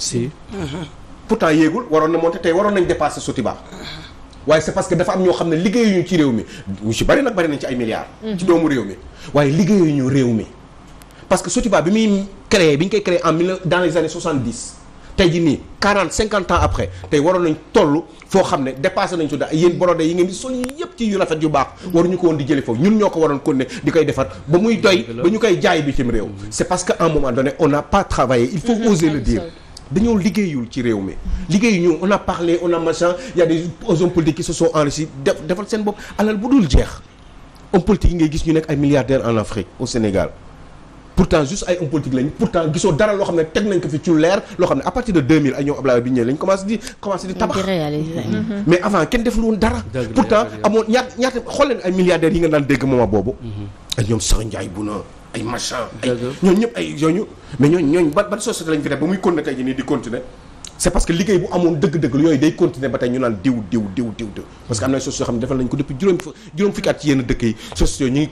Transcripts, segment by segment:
si uh-huh. pourtant yéegul waroon na monter tey waroon nañ dépasser Sotiba uh-huh. waaye c'est parce que dafa am ñoo xam ne liggéeyuñu ci réew mi wu ci bari nag bari nañ ci ay milliards uh-huh. ci doomu réew mi waaye liggéeyuñu réew mi parce que Sotiba bi muy créé bi ñu koy créé en mille yi ngeen di sol yëpp ci yu rafet yu baax waruñu ko woon di jële foofu ñun ñoo ko waroon kon ne di koy defar ba muy doy ba ñu koy jaay bitim réew c'est parce que à moment donné on n'a pas travaillé dañoo liggéeyul ci réew mi. liggéey ñu on a parlé on a machin y a des hommes politiques qui se sont def defal seen bopp alal bu dul jeex hommes politiques yi ngay gis ñu nekk ay milliardaires en Afrique au Sénégal. pourtant juste ay hommes politiques lañ pourtant gisoo dara loo xam ne teg nañ ko fi ci lu loo xam ne à partir de 2000 ay ñoom Ablaye bi mm-hmm. Mm-hmm. Mm-hmm. avant kenn deful woon dara pourtant amoon ñaata ñaata xool leen ay milliardaires yi nga daan dégg moment boobu ay ñoom Sow Ndiaye bu na ay machin ay ñooñu ñëpp ay yooñu ñooñu ñooñu ban ban société lañ def ba muy continuer tey jii na société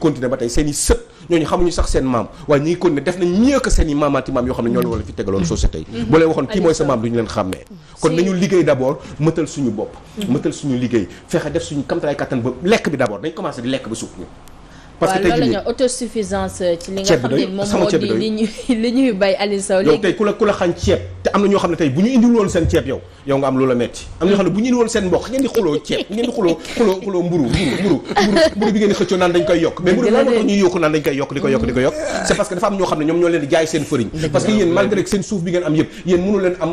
ko depuis yi i sët ñu ngi continuer def nañ mieux que maamaati maam yoo xam ne ñoo leen wala fi mhm. kon nañu liggéey d'abord mëtal suñu bopp mhm. mëtal suñu liggéey fexe def suñu kamtalaay kattan ba lekk bi d'abord dañ commencé di lekk ba suuf parce que tey jii loolu ñu autosuffisance ci li nga xam ne moom moo li ñuy bay Aliou léegi ku la ku la xañ ceeb te am na ñoo xam ne tey bu ñu indiwul woon seen ceeb yow yow nga am loola metti am na xam ne bu ñu woon seen mbokk ngeen di xuloo xuloo xuloo xuloo mburu mburu mburu mburu bi ngeen xëccoo naan dañ koy yokk mais mburu ne ñoom ñoo leen a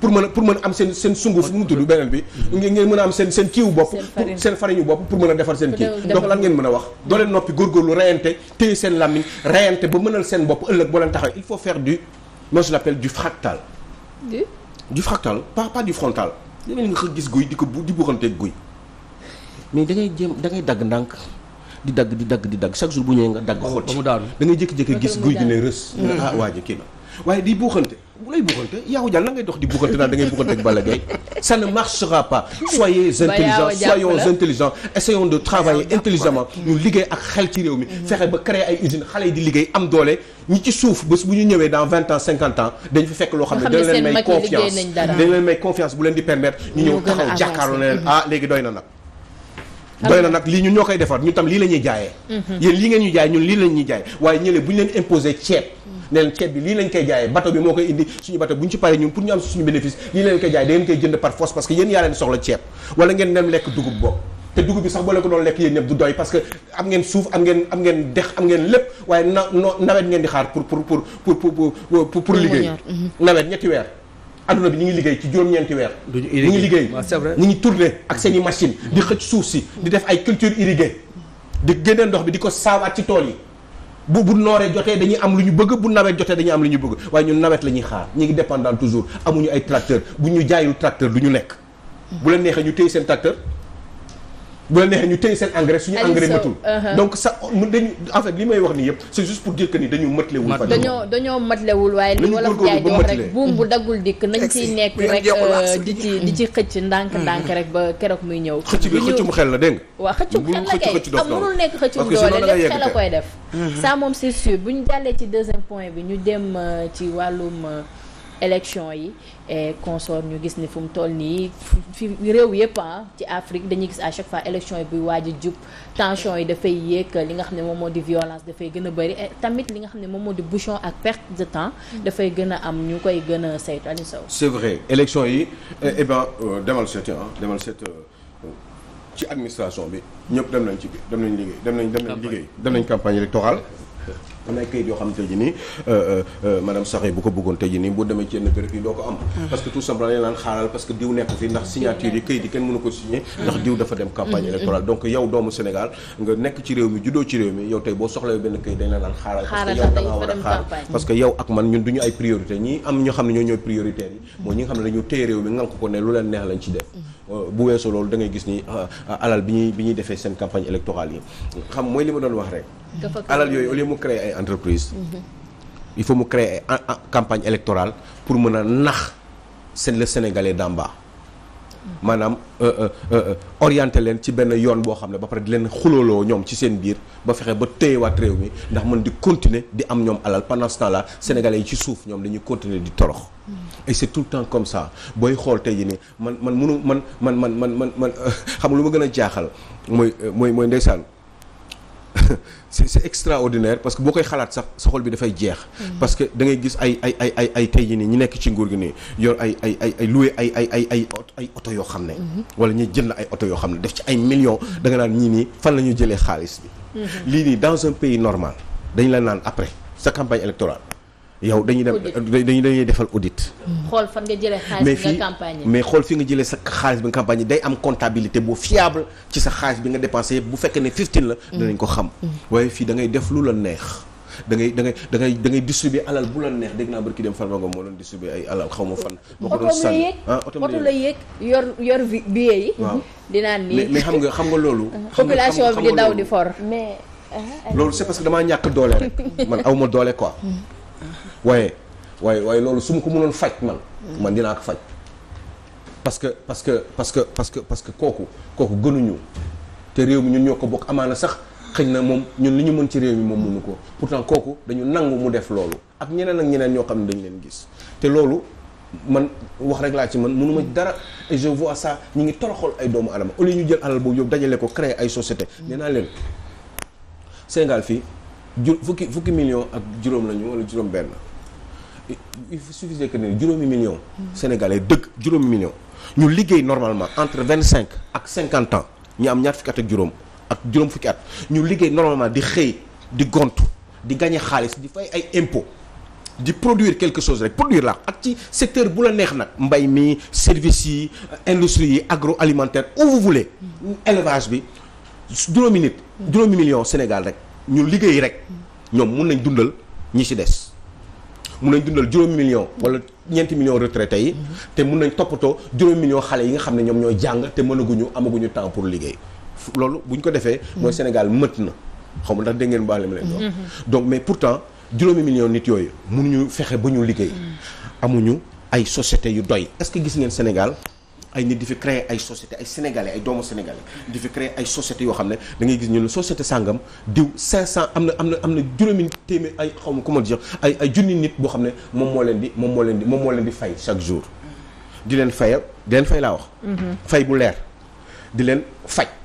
pour mën a am beneen bi ngeen mën a am seen kiiwu bopp seen fariñu bopp pour mën a defar seen kii donc lan ngeen mën a wax doo leen noppi góorgóorlu reyante téye seen làmmiñ reyante ba mënal seen bopp ëllëg boo leen taxaw moi je l'appelle du fractal. du. du fractal pas pas du frontal. da ngay gis guy di ko bu di buuxanteeg guy mais dangay ngay jéem da ngay dagg ndànk di dagg di dagg di dagg chaque jour bu ñëwee nga dagg. xotti da ngay jékki-jékki gis guy gi ne rës. Mm. ah waa ji kii na waaye di buuxante. bu lay buuxante yaaw jàll dox di buuxante naan da ngay ak Balla Gaye ça ne marchera pas soyez intelligents soyons intelligents essayons de travailler intelligemment ñu liggéey ak xel ci réew mi fexe ba créer ay usines xale yi di liggéey am doole ñi ci suuf bés bu ñu ñëwee dans vingt ans cinquante ans dañ fa fekk loo xam ne dañ leen may confiance dañ leen may bu leen di permettre ñu ñëw taxaw jàkkaarloo na leen ah léegi doy na nag doy na nag lii ñun ñoo koy defar ñun tam lii la ñuy jaayee mhm. yéen lii ngeen ñu jaay ñun lii lañ ñuy jaay waaye ñële bu ñu leen imposé ceeb ne leen ceeb bi lii lañ koy jaayee bateau bi moo koy indi suñu bateau bu ñu ci paree ñun pour ñu am suñu bénéfice lii lañ koy jaay da koy jënd par parce que yéen yaa leen soxla ceeb wala ngeen dem lekk dugub boobu te dugub bi sax boo ko doon lekk yéen ñëpp du doy parce que am ngeen suuf am ngeen dex pour pour pour pour mhm. weer adduna bi ñu ngi liggéey ci juróom-ñeenti weer ñu ngi liggéey ñu ngi tourné ak seen i machine di xëcc suuf si di def ay culture irriguée di génne ndox bi di ko saabaat ci tool yi bu bu nooree jotee dañuy am lu ñu bëgg bu nawet jotee dañuy am lu ñu bëgg waaye ñun nawet la ñuy xaar ñu ngi dépendant toujours amuñu ay tracteur bu ñu jaayul tracteur du ñu nekk bu leen neexee ñu téye seen tracteur bu la neexee ñu téye seen engrais suñu engrais matul uh-huh. donc sa dañu li may wax nii yëpp c'est juste pour dire que dañu matlewul fa dañoo dañoo matlewul waaye li wala jaay di wax buum bu mm-hmm. daggul dikk nañ ciy nekk euh, di ci di ci xëcc ndànk ndànk mm-hmm. rek ba keroog muy ñëw xëcc bi xëccum xel la dégg nga waaw xëccum xel la kay am mënul nekk xëccum doole lépp xel koy def mm-hmm. ça moom c'est sûr bu ñu jàllee ci deuxième point bi ñu dem euh, ci wàllum euh, élection yi et consort ñu gis ni fu mu toll nii fi réew yëpp a ah, ci Afrique dañuy gis à chaque fois élection yi buy waaj a jub tension yi dafay yéeg li nga xam ne moom moo di violence dafay gën a bëri tamit li nga xam ne moom moo di bouchon ak perte de temps dafay gën a am ñu koy gën a saytu Aliou Sow c'est yi eh, eh ben euh, demal ah, demal seet euh, ci administration bi ñëpp dem nañ ci dem nañ liggéey dem nañ dem nañ dem nañ campagne électorale mu nekk kayit yoo xam tey jii nii euh, euh, euh, madame Sarr bu ko bëggoon tey jii nii boo demee ci yenn béréb yi doo ko am. Ah. parce que tout simplement dañu naan xaaral parce que diw nekk fi ndax signature yi kayit yi kenn mënu ko signé. ndax diw mm-hmm. doomu Sénégal nga nekk ci réew mi juddoo ci réew mi yow tey boo soxlawee benn kayit dañ la xaaral. parce que yow a xaar parce que yow ak man ñun du ay priorité ñi am ñoo xam ne ñoo ñooy prioritaire yi. mooy ñi nga xam ne dañoo téye réew mi ngan ko ko mm-hmm. ñuy bi ñuy defee seen campagne électorale yi mooy li ma doon rek alal yooyu au lieu mu créer ay entreprise mhm. il faut mu créer ay campagne électorale pour mën a nax seen le sénégalais d'en bas maanaam euh, euh, euh, orienté leen ci benn yoon boo xam ne ba pare di leen xulooloo ñoom ci seen biir ba fexe ba téyewaat réew mi ndax mën di continuer di am ñoom alal pendant ce temps yi ci suuf ñoom dañuy continuer di torox. Mhm. et c'est tout le temps comme ça booy xool tey jii nii man man munu man man man man man man xam lu ma gën a jaaxal mooy mooy mooy ndeysaan. c'est c'est extraordinaire parce que boo koy xalaat sax sa xol bi dafay jeex. Mm-hmm. parce que da gis ay ay ay tey jii nii ñi nekk ci nguur gi nii yor ay ay ay ay ay ay oto yoo xam ne. Mm-hmm. wala ñuy jënd ay oto yoo xam ne def ci ay millions da nga naan ñii nii fan la ñuy jëlee xaalis bi. Mm-hmm. lii nii dans un pays normal dañ la naan après sa campagne électorale. yow dañuy dem dañuy defal audit. Mm. xool fan nga jëlee xaalis bi nga campagne mais xool fi nga jëlee sa xaalis bi nga campagne day am comptabilité bu fiable ci sa xaalis bi nga dépensé yëpp bu fekkee ne 15 la. Mm. danañ ko xam. Mm. waaye fii da ngay def lu la neex. da ngay da ngay da ngay da ngay distribuer alal bu la neex dégg naa barki dem Farba Ngom moo doon distribuer ay alal xaw ma fan. ma ko doon sànni ah, oto la yéeg yor yor billet yi. dinaa nii mais xam nga xam nga loolu. population bi di daw di for mais. Ah, ah. loolu c'est parce que damaa ñàkk doole rek man awma doole quoi. waaye waaye waaye loolu su ma ko mënoon faj man. man dinaa ko faj. parce que parce que parce que parce que parce que kooku kooku gënuñu te réew mi ñun ñoo ko bokk amaana sax xëy na moom ñun li ñu mën ci réew mi moom mënu ko pour pourtant kooku dañu nangu mu def loolu ak ñeneen ak ñeneen ñoo xam ne dañu leen gis te loolu man wax rek laa ci man mënuma dara et je vois ça ñu ngi toroxal ay doomu adama au ñu jël alal boobu yóbbu dajale ko créer ay société nee naa leen Sénégal fi ju fukki fukki million ak juróom lañu wala juróom il suffisait que ne juróomi million sénégalais dëkk juróomi million ñu liggéey normalement entre vingt cinq ak cinquante ans ñu am ñaar fukki at ak juróom ak juróom fukki at ñu liggéey normalement di xëy di gontu di gagné xaalis di fay ay impôt di produire quelque chose rek produire la ak ci secteur bu la neex nag mbay mi service yi industrie yi agroalimentaire où vous voulez élevage bi juróomi nit juróomi million Sénégal rek ñu liggéey rek ñoom mun nañ dundal ñi ci des mun nañ dundal juróomi million wala ñeenti million retraités yi te mun nañ toppatoo juróomi million xale yi nga xam ne ñoom ñooy jàng te mënaguñu amaguñu temps pour liggéey loolu bu ñu ko defee mooy Sénégal mët na xaw ma ndax dégg ngeen baax li ma leen wax donc mais pourtant juróomi million nit yooyu mënuñu fexe ba ñu liggéey amuñu ay société yu doy est-ce que gis ngeen Sénégal ay nit di fi créer ay société ay sénégalais ay doomu sénégalais di fi créer ay société yoo xam ne da gis ñu ne société sàngam diw 500 am na am na am na juróomi téeméer ay xaw ma comment dire ay junni nit boo xam ne moom moo leen di moom moo leen di moom moo leen di fay chaque jour. di leen faya di leen fay laa wax. Mm-hmm. fay bu leer di leen faj.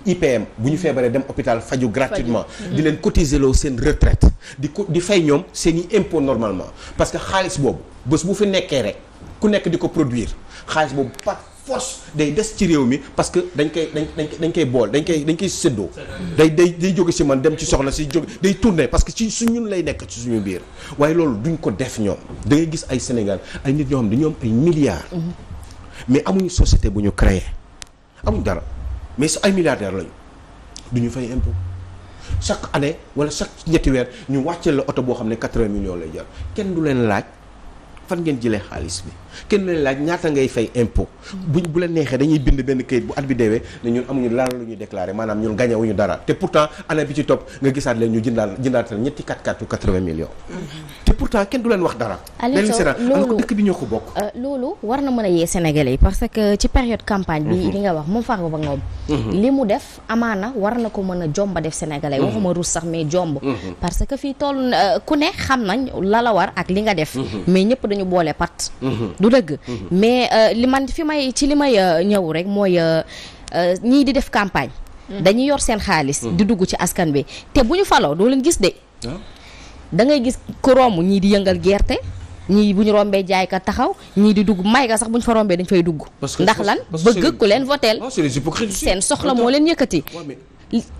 IPM bu ñu feebaree dem hôpital faju gratuitement di leen cotiser loo seen retraite di ko di fay ñoom seen i impôt normalement parce que xaalis boobu bés bu fi nekkee rek ku nekk di ko produire xaalis boobu par force day des ci réew mi parce que dañ koy dañ dañ dañ koy bool dañ koy dañ koy séddoo day day day jóge si man dem ci soxla si jóge day tourner parce que ci su ñun lay nekk ci suñu biir waaye loolu duñ ko def ñoom da ngay gis ay Sénégal ay nit ñoo xam ne dañoo ay milliards mm-hmm. mais amuñu société bu ñu créé amuñ dara mais su ay milliardaires lañu du ñu fay impôt chaque année wala chaque ñetti weer ñu wàcceel la oto boo xam ne quatre-vingts lay jar kenn du leen laaj fan ngeen jëlee xaalis bi. kenn leen laaj ñaata ngay fay impôt buñ bu la neexee dañuy bind benn kayit bu at bi deewee ne ñun amuñu lan lu ñu déclaré maanaam ñun gagné wuñu dara te pourtant année bi ci topp nga gisaat leen ñu jëndaatal ñetti 4 80 millions. Mm-hmm. te pourtant kenn du leen wax dara. Aliou Sow loolu dëkk bi ñoo ko bokk. Euh, loolu war na mën a yee Sénégalais yi parce que ci période campagne bi. Mm-hmm. li nga wax moom Farba Ngom. Mm-hmm. li mu def amaana war na ko a jomba euh, li nga def. mais ñëpp dañu boole du dëgg mhm. mais euh, li man fi may ci li may euh, ñëw rek mooy euh, ñii di def campagne mhm. dañu yor seen xaalis mhm. di dugg ci askan bi te bu ñu faloo doo leen gis de ah. da ngay gis ku romb ñii di yëngal gerte ñii bu ñu rombee jaay ka taxaw ñii di dugg may ka sax bu ñu fa rombee dañ fay dugg ndax lan bëgg ku leen voteel ah, seen soxla moo leen yëkkati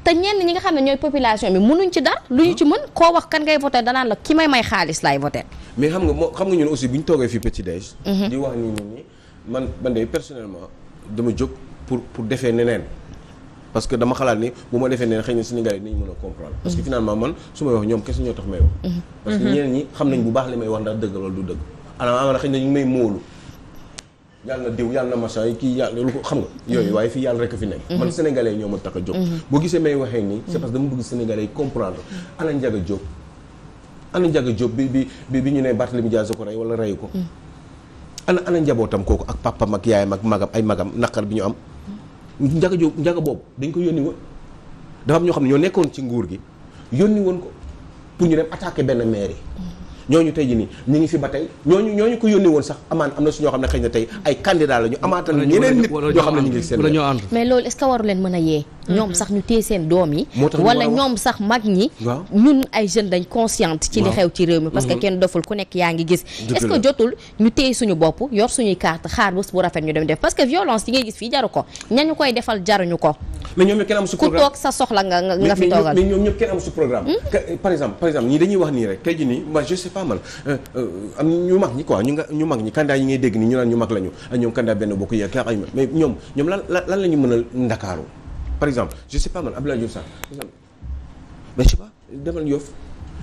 te ñenn ñi nga xam ne ñooy population bi mënuñ ci dara. lu ñu ci mën koo wax kan ngay voté danaan la ki may may xaalis laay voté. mais xam nga moo xam nga ñun aussi bu mhm. de personnellement dama jóg pour pour defee neneen. parce que dama bu ma defee neen a comprendre mhm. ñoo tax may wax mhm. parce que ñeneen ñi xam nañ bu baax li may wax ndax dëgg loolu du dëgg ana ama na xëy na may móolu yàlla na diw yàlla na machin yi kii yàlla lu ko xam nga yooyu waaye fii yàlla rek a fi nekk mhm. man sénégalais yi ñoo ma tax a jóg mhm. boo gisee may waxee nii c'est mhm. parce que dama bëgg sénégalais bi bi bi ñu ne Barthélémy Dias ko rey wala reyu ko ana ana njabootam kooku ak papam ak yaayam ak magam ay magam naqar bi ñu am Ndiaga Diop Ndiaga boobu dañ ko yónni woon dafa am ñoo xam ne ñoo nekkoon ci nguur gi yónni woon ko pour ñu dem attaquer benn mairie ñooñu tey ji nii ñu ngi fi ba tey ñooñu ñooñu ko yónni woon sax amaan am na su ñoo xam ne xëy na tey ay candidat la ñu amaatal ñeneen nit ñoo xam ne ñu ngi seen mais loolu est-ce que mën a yee ñoom mhm. sax ñu téye seen doom yi wala ñoom sax mag ñi ñun ay jeunes dañ consciente ci li xew ci réew mi parce que mhm. kenn doful ku nekk yaa ngi gis est-ce que ñu suñu bopp yor suñuy carte xaar bés bu rafet ñu dem def parce que violence yi ngay gis fii jaru ko ñañu koy defal jaruñu ko mais ñoom sa soxla nga nga fi toogal mais ñoom ñëpp kenn am su programme hmm? eh, par exemple par exemple ñii dañuy wax euh, euh, ñu mag ñi quoi ñu nga ñu mag ñi kandaa yi ngay dégg nii ñu naan ñu mag lañu ah, ñoom kandaa benn bokk yeeg ay mais ñoom ñoom lan lan la ñu mën a ndakaaru par exemple je sais pas man Abdoulaye Diouf Sarr mais je sais demal Yoff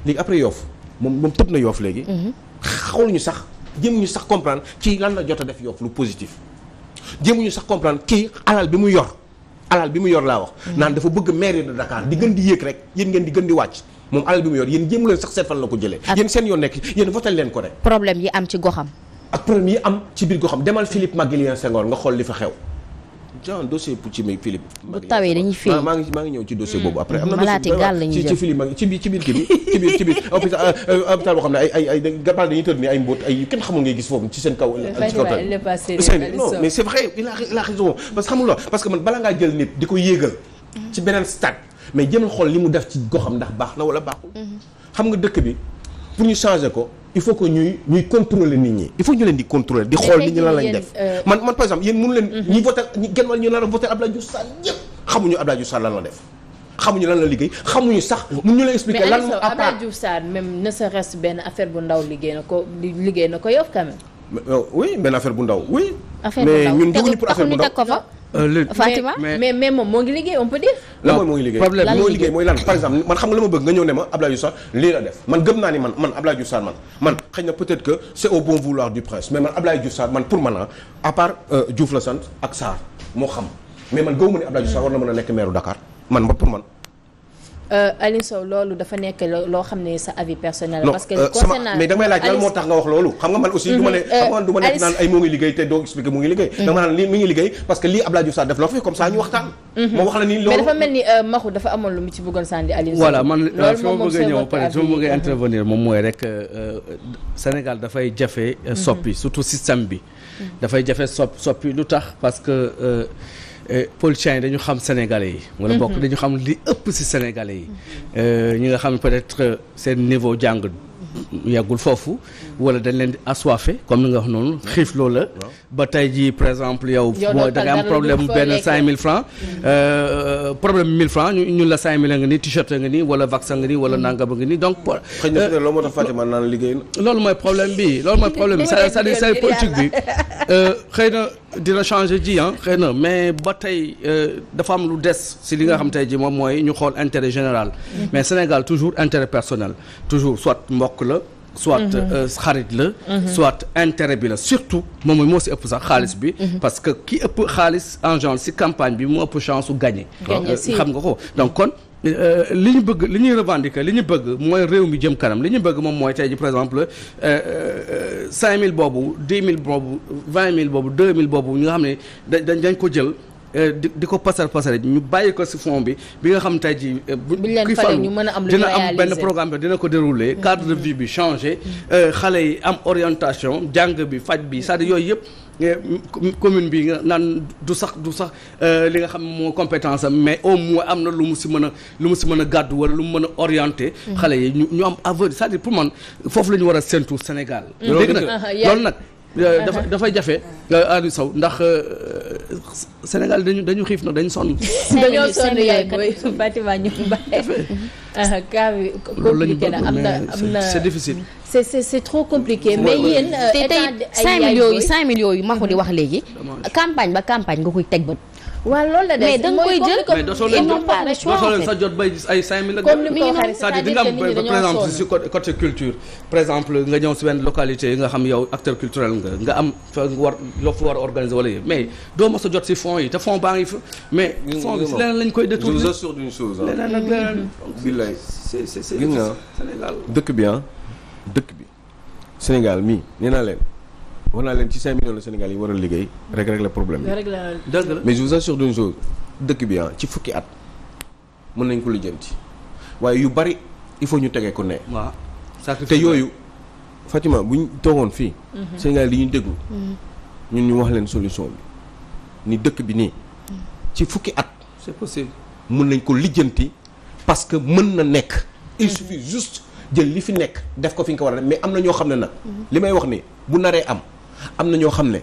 léegi après Yoff moom tëb na Yoff léegi. Mhm. xawluñu sax jéemuñu sax comprendre kii lan la jot a def Yoff lu positif jéemuñu sax comprendre kii alal bi mu yor alal bi mu yor laa wax. Mhm. naan dafa bëgg maire de Dakar di gën di yéeg rek yéen ngeen di gën di wàcc. moom alal bi mu yor yéen jéemu sax seet fan la ko jëlee. yéen seen yoon nekk yéen votal leen ko rek. problème yi am ci goxam. ak problème yi am ci biir goxam demal Philippe xool li fa xew. genre dossier bu ci Philippe. bu tawee dañuy fii maa ngi maa ngi ñëw ci dossier mm. boobu après. am na ci ci Philippe ci ci biir ci biir ci biir hôpital euh, hôpital boo xam ne ay ay ay dañuy tëdd ni ay mbóot ay kenn xamul ngay gis foofu ci seen kaw. ci kaw tamit non a il xamul la parce que man bala ngaa jël nit di ko yéegal. ci beneen stade mais jëmal xool li mu def ci goxam ndax baax na wala baaxul. Mm-hmm. xam nga dëkk bi pour ñu changer ko il faut que ñuy ñuy contrôler nit ñi il faut ñu leen di contrôler di xool nit ñi lan lañ def euh, man man par exemple yéen mënu leen mm-hmm. ñi voté ñi ñu nar a voté Abdoulaye Diouf Sall yëpp xamuñu Abdoulaye Diouf Sall lan la def xamuñu lan la liggéey xamuñu sax mun ñu la expliquer lan moo Abdoulaye Diouf Sall même ne serait benn affaire bu ndaw liggéey na ko liggéey na ko yow quand même euh, benn affaire bu ndaw oui mais ñun dugguñu pour affaire bu ndaw Euh, le euh, Fatima mais mais moom moo ngi liggéey on peut dire. lan mooy moo ngi liggéey problème moo liggéey mooy lan par exemple man xam nga la ma bëgg nga ñëw ne ma Abdoulaye Diouf lii la def man gëm naa ni man man Abdoulaye Diouf Sarr man man xëy na peut-être que c'est au bon vouloir du prince mais man Abdoulaye Diouf man pour man ah, à part euh, Diouf la sant ak Sarr moo xam mais man gëwuma ne Abdoulaye Diouf Sarr war na mën a nekk maire Dakar man ba pour man. Euh, Aliou Sow loolu dafa nekk loo xam ne sa avis personnel. parce que concernant euh, mais damay laaj lan moo tax nga wax loolu. xam nga man aussi du ma mhm. ne euh, xam nga du ma nekk ay moo ngi liggéey te doo expliquer mu ngi liggéey. Mhm. dama naan li ngi liggéey parce que lii Abdoulaye Diouf Sarr def loo fi comme ça ñu waxtaan. Mhm. ma wax la ni loolu a a intervenir moom mooy rek Sénégal dafay jafe soppi surtout système bi. dafay jafe soppi lu tax parce Euh, politiciens yi dañu xam sénégalais yi. wala bokk mhm. dañu xam li ëpp ci sénégalais yi. Euh, ñi nga xam ne être euh, seen niveau jàng yàggul foofu. wala dañ leen di assoiffé comme ni nga wax noonu xiif loolu la. ba tey jii par exemple yow. yow da nga am problème benn cinq 5000 francs mhm. problème 1000 francs ñu ñun la 5000 nga ni t-shirt nga ni wala vaccin nga ni wala mhm. nangam nga ni donc. xëy na loolu moo tax Fatima naan loolu mooy problème bi loolu mooy problème bi sa sa dire politique bi xëy dina changer ji ah xëy na mais ba tey euh, dafa am lu des si li nga xam tey ji moom mooy ñu xool intérêt général mhm. mais Sénégal toujours intérêt personnel toujours soit mbokk la soit mhm. euh, xarit la mhm. soit intérêt bi la surtout moom moo si ëpp sax xaalis bi parce que ki ëpp xaalis en si campagne bi mu ëpp chance u gagner euh, xam nga ko Euh, li ñu bëgg li ñuy revendiquer li ñu bëgg mooy réew mi jëm kanam li ñu bëgg moom mooy tey ji par exemple euh, euh, cinq mille boobu dix mille boobu vingt mille boobu deux mille boobu ñu nga xam ne dañ dañ ko jël Euh, di ko pasar pasare ñu bàyyi ko si fond bi bi nga xam tey jii. Euh, buñ leen fale ñu mën a am lu am benn programme bi dina ko dérouler. Mm-hmm. cadre de bi changé. Mm-hmm. Euh, xale yi am orientation jàng bi faj bi cest à yooyu yëpp. commune bi nga naan du sax du sax li nga xam moo compétence am mais au moins am na lu mu si mën a lu mu si mën a gàddu wala lu mu mën a orienté. Mm-hmm. xale yi ñu ñu am avenir cest à pour man foofu la ñu war a séntu Sénégal. loolu loolu nag. Euh, dafa dafay jafe. Euh, Aliou Sow ndax euh, Sénégal dañu dañu xiif na dañu sonn. dañoo sonn yaay mooy bâtiment ñu bàyyi. Ah, cas bi compliqué na am na am na c'est difficile. c'est c'est c'est trop compliqué mais yéen. te tey 5 millions yi 5 millions yi ma ko di wax léegi. campagne ba campagne nga koy teg bët. waa loolu la des mooy comme mais soo leen jot sa jot bay ay 5000 la. comme ni ko waxee c'est-à-dire di nga nga xam yow acteur culturel nga nga am fa war war a organiser wala yëpp mais doo mos jot si fonds yi te fonds baa ngi fi mais. fonds bi si leneen lañ koy détourner je vous bi dëkk bi Sénégal mi nee naa leen. wax naa leen ci 5 millions de Sénégalais yi war a liggéey rek régler bi. la mais dëkk bi ah ci fukki at nañ ko lijjanti waaye yu bari il ñu tegee ko ne. waaw te yooyu Fatima bu ñu fii. Mhm. Sénégal yi ñu déglu. Mhm. ñun ñu wax leen solution ni dëkk bi nii. Mhm. ci fukki at. c'est possible mën nañ ko lijjanti parce que mën na nekk. il suffit juste jël li fi nekk def ko fi nga ko war a def mais am na ñoo xam ne nag. li may wax ni bu naree am. am na ñoo xam ne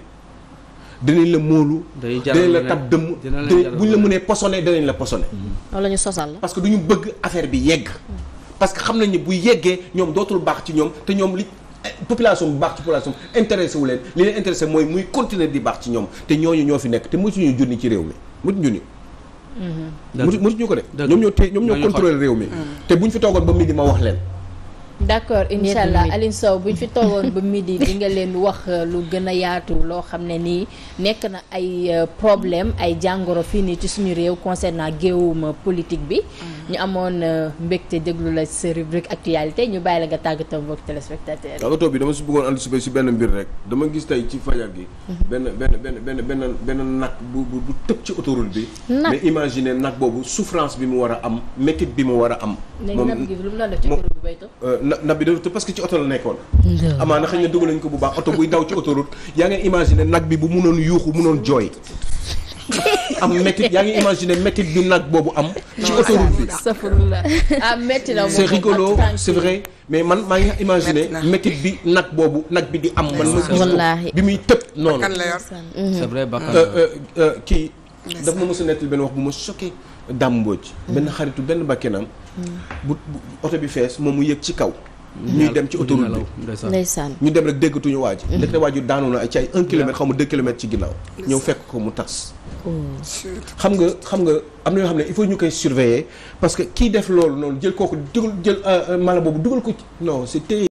dinañ la móolu. dinañ la tab dëmm dinañ buñ la mënee posone danañ la posone wala mm-hmm. ñu sosal la parce que du ñu bëgg affaire bi yegg. Mm-hmm. parce que xam nañ ne bu yeggee ñoom dootul baax ci ñoom te ñoom li eh, population bu baax ci population intéressé wu leen li leen intéressé mooy muy continuer di baax ci ñoom te ñooñu ñoo fi nekk te mosuñu junni ci réew mi mosuñu junni. dëgg mm-hmm. la mosuñu ko de. ñoom ñoo téye ñoom ñoo contrôler réew mi. te buñ fi toogoon ba midi ma wax leen d'accord incha allah Aline Sow bu fi toogoon ba midi di nga leen wax euh, lu gën a yaatu loo xam ne nii nekk na ay euh, problème ay jàngoro fii nii ci suñu réew concernant géewum politique bi. Mm. ñu amoon euh, mbégte déglu la sa rubrique actualité ñu bàyyi la nga tàggatoo mbokk téléspectateur. tàggatoo bi dama si bëggoon anticiper si benn mbir rek dama gis tey ci fajar gi. Mm-hmm. benn benn benn benn benn benn nag bu bu bu tëb ci autoroute bi. mais imaginer nag boobu souffrance bi mu war a am métit bi mu war a am. moom lu mu la def ci bay na bi da parce que ci oto la nekkoon amaana xëy na dugal nañ ko bu baax oto buy daw ci autoroute yaa ngi imaginer nag bi bu munoon yuuxu munoon jooy am métit yaa ngi imaginer métit bi nag boobu am ci autoroute bi ah, la c'est rigolo mais man maa ngi imaginer métit bi nag boobu nag bi di am man ma gis ko bi muy tëb noonu mm-hmm. c'est vrai euh, euh, euh, kii daf ma mos a benn wax bu ma choqué Dame benn xaritu benn bakkenam mm. bu bu oto bi fees moom mu yëg ci kaw ñuy dem ci autoroute bi ndeysaan ñu dem rek déggatuñu waaj mm-hmm. ndekk ne waaju daanu a ci ay un kilomètre xaw ma deux kilomètres ci ginnaaw ñëw fekk ko mu tas oh. xam nga xam nga am na yoo xam ne il faut ñu koy surveiller parce que kii def loolu noonu jël kooku dugal jël euh, euh, mala boobu dugal ko non c'est